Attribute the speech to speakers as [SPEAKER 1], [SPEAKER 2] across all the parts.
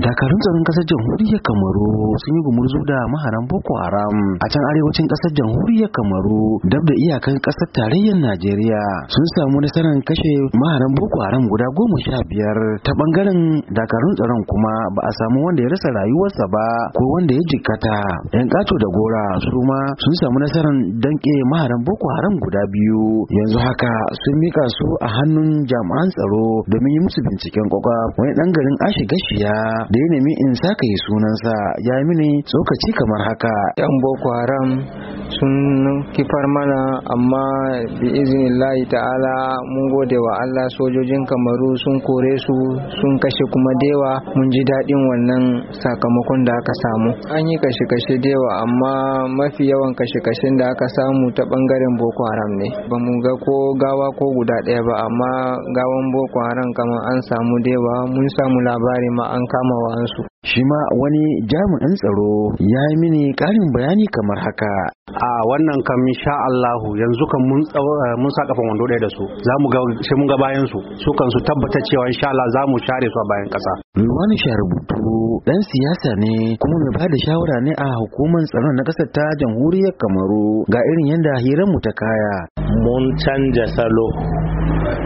[SPEAKER 1] dakarun tsaron kasar jamhuriyar kamaru sun yi gumurzu da maharan boko haram a can arewacin kasar jamhuriyar kamaru dab da iyakan kasar tarayyar najeriya sun samu nasarar kashe maharan boko haram guda goma sha biyar ta bangaren dakarun tsaron kuma ba a samu wanda ya rasa rayuwarsa ba ko wanda ya jikkata yan kato da gora su ma sun samu nasarar danke maharan boko haram guda biyu yanzu haka sun mika su a hannun jami'an tsaro domin yi musu binciken kwakwa wani dan garin ashi gashiya da ya nemi in saka yi sunansa ya mini tsokaci kamar haka yan
[SPEAKER 2] boko haram sun kifar mana amma bi layi ta'ala mun gode wa Allah sojojin kamaru sun kore su sun kashe kuma dewa mun ji daɗin wannan sakamakon da aka samu an yi kashe-kashe dewa amma mafi yawan kashe-kashen da aka samu ta ɓangaren boko haram ne ba mu ga ko gawa ko guda ɗaya ba amma gawan boko haram kamar an samu dewa mun samu labari ma an kama Shima
[SPEAKER 1] shi ma wani jami'in tsaro ya yi mini ƙarin bayani kamar haka
[SPEAKER 3] a wannan kan sha Allahu yanzu kan mun eh, mun sa kafan wando ɗaya da su za mu ga sai mun ga bayan su su kan su tabbata cewa insha Allah za mu share su a bayan ƙasa
[SPEAKER 1] sha rubutu dan siyasa ne kuma mai ba da shawara ne a hukumar tsaron na ƙasar ta Jamhuriyar
[SPEAKER 3] Kamaru ga irin yadda hirar mu ta kaya mun canja salo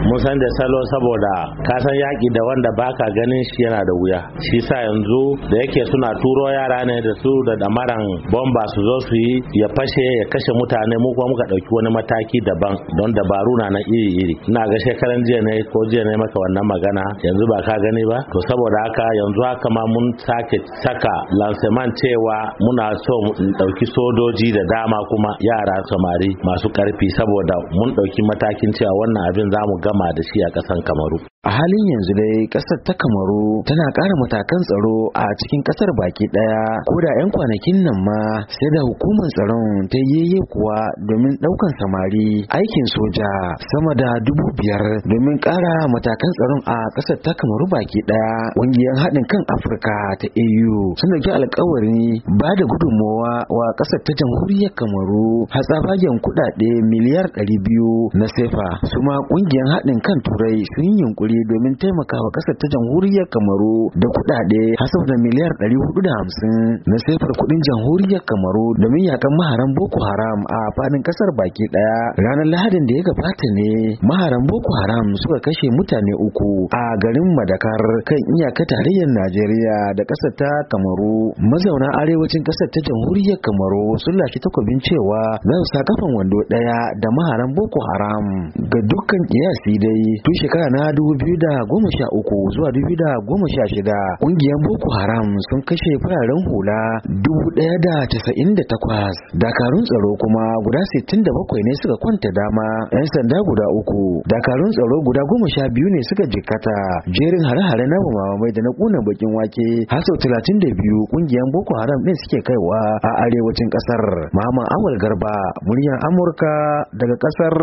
[SPEAKER 3] mun san da salo saboda ka san yaki da wanda baka ganin shi yana da wuya shi sa yanzu da yake suna turo yara ne da su da damaran bomba su zo su yi ya fashe ya kashe mutane mu kuma muka ɗauki wani mataki daban don dabaru na na iri iri ina ga shekaran jiya ne ko jiya ne maka wannan magana yanzu ba ka gani ba to saboda haka yanzu haka ma mun sake saka lanseman cewa muna so ɗauki sojoji da dama kuma yara samari masu ƙarfi saboda mun ɗauki matakin cewa wannan abin za mu gama da shi a ƙasar kamaru
[SPEAKER 1] a halin yanzu dai ƙasar ta kamaru tana ƙara matakan tsaro a cikin ƙasar baki ɗaya ko da 'yan kwanakin nan ma sai da hukumar tsaron ta yi kuwa domin ɗaukan samari aikin soja sama da dubu biyar domin ƙara matakan tsaron a ƙasar ta kamaru baki ɗaya ƙungiyar haɗin kan afirka ta au sun ɗauki alkawarin ba da gudunmowa wa ƙasar ta jamhuriyar kamaru hatsafagen kuɗaɗe miliyar ɗari biyu na sefa su ma kungiyar haɗin kan turai sun yi yunkuri domin taimakawa ƙasar ta jamhuriyar kamaru da kuɗaɗe hasaf da miliyar ɗari hudu da hamsin na sefar kuɗin jamhuriyar kamaru domin yakan maharan boko haram a faɗin ƙasar baki ɗaya ranar lahadin da ya gabata ne maharan boko haram suka kashe mutane uku a garin madakar kan iyaka tarayyar najeriya da ƙasar ta kamaru mazauna arewacin ƙasar ta jamhuriyar kamaru sun lashe takobin cewa za su sa kafan wando ɗaya da maharan boko haram ga dukkan yes dai tun shekara na dubu biyu da goma sha uku zuwa dubu biyu da goma sha shida ƙungiyar boko haram sun kashe fararen hula dubu ɗaya da casa'in da takwas dakarun tsaro kuma guda sittin da bakwai ne suka kwanta dama yan sanda guda uku dakarun tsaro guda goma sha biyu ne suka jikkata jerin hare-hare na mamamai da na kuna bakin wake har sau talatin da biyu ƙungiyar boko haram ɗin suke kaiwa a arewacin ƙasar muhammad awal garba muryar amurka daga ƙasar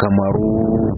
[SPEAKER 1] kamaru